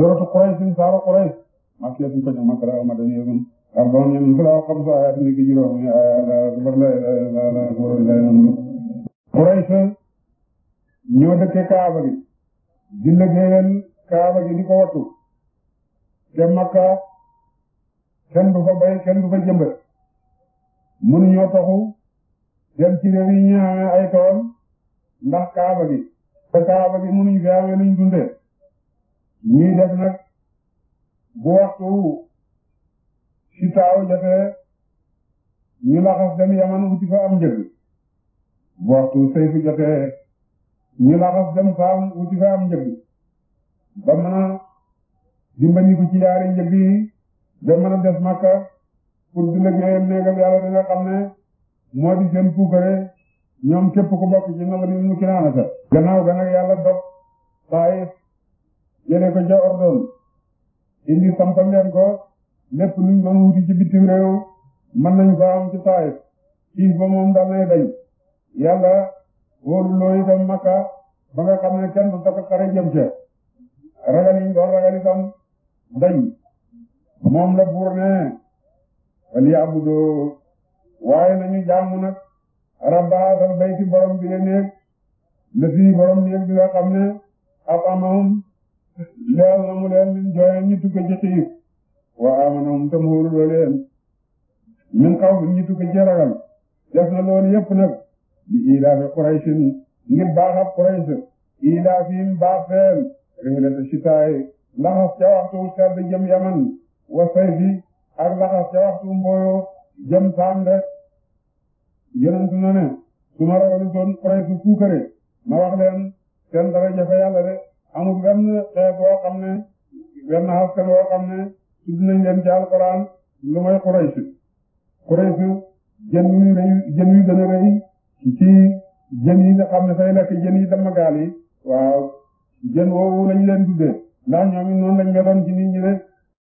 suratu Quraysh suñ saaro Quraysh makkiyatun fa makkata madaniyatun arba'un min fala xamsu ayatin ni ki juróom Quraysh ñoo dëkkee di ko wattu te Makka kenn du fa kenn du fa jëmbat mënuñoo taxu dem ci réew yi ñu amee ay tool ndax Kaaba gi te Kaaba gi mënuñ fi amee ñuy def nag bu waxtu si taaw jotee ñu laxas dem yaman wuti fa am njëg bu waxtu sayfu jotee ñu laxas dem saam wuti fa am njëg ba mën a dimbandiku ci yaari njëg yi ba mën a des makka ne moo di seen puukare ñoom képp ku bokk ci na la ni mu kinaana sa gannaaw ga nag yàlla dog taayif jële ko ca ordon indi sampal leen ko lépp luñ doon wuti ci bitim réew mën nañ ko am ci taayif xiif ba moom daan nay dañ yàlla wóolu loo itam makka ba nga xam ne kenn du takk xare jëm ca ragal yi doon ragal itam dañ moom la buur ne wali abudo waaye nañu jaamu nag rabbaasal bayti borom bi la néeg la fii borom néeg bi nga xam ne ab amam leer na mu leen min jooyeen ñi tukka ci xiif wa amanahum te mu wóoruloo leen min xaw ñi tukka ci ragal def na loolu yëpp nag di ilaafi Qurayshin ngir baaxab Quraysh ilaafihim baaxeen rihlata sitaay laxas ca waxtu sedd jëm yaman wa sayfi ak laxas ca waxtu mbooyo jëm saam de yonent na ne su ma ragalu doon Quraysh fuukare ma wax leen seen dara jafe yàlla de amul benn xeet boo xam ne benn askan boo xam ne tudd nañ leen ci alxuraan lu may Quraysh Quraysh jën yu rëy jën yu gën a rëy ci jën yi nga xam ne fay lekk jën yi dama gaal yi waaw jën woowu lañ leen tuddee ndax ñoom it noonu lañ meloon ci nit ñi rek